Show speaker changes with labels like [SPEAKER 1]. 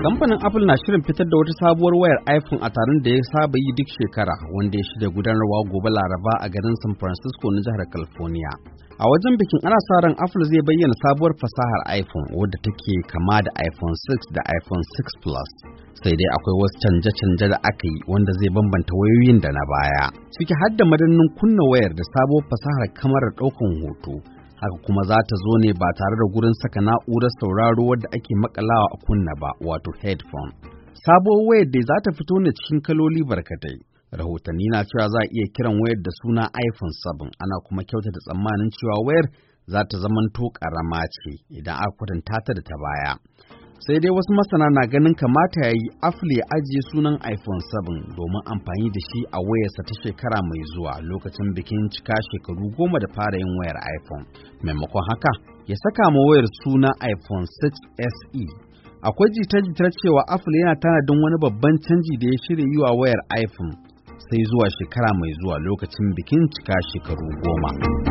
[SPEAKER 1] Kamfanin Apple na shirin fitar da wata sabuwar wayar iPhone a taron da ya saba yi duk shekara wanda ya shirya gudanarwa gobe Laraba a garin San Francisco na jihar California. A wajen bikin ana sa ran Apple zai bayyana sabuwar fasahar iPhone wadda take kama da iPhone 6 da iPhone 6 Plus. Sai dai akwai wasu canje-canje da aka yi wanda zai bambanta wayoyin da na baya. Ciki har da madannin kunna wayar da sabuwar fasahar kamarar ɗaukan hoto haka kuma za ta zo ne ba tare da gurin saka na'urar sauraro wadda ake makalawa a kunna ba wato headphone sabuwar wayar da za ta fito ne cikin kaloli barkatai rahotanni na cewa za a iya kiran wayar da suna iphone 7 ana kuma kyauta da tsammanin cewa wayar za ta zamanto karama ce idan aka kwatanta ta da ta baya sai dai wasu masana na ganin kamata ya yi afle ya ajiye sunan iPhone 7 domin amfani da shi a wayarsa ta shekara mai zuwa lokacin bikin cika shekaru goma da fara yin wayar iPhone. Maimakon haka, ya saka ma wayar suna iPhone 6 SE. Akwai jita-jitar cewa afle yana tanadin wani babban canji da ya shirya yi wayar iPhone sai zuwa shekara mai zuwa lokacin bikin cika shekaru goma.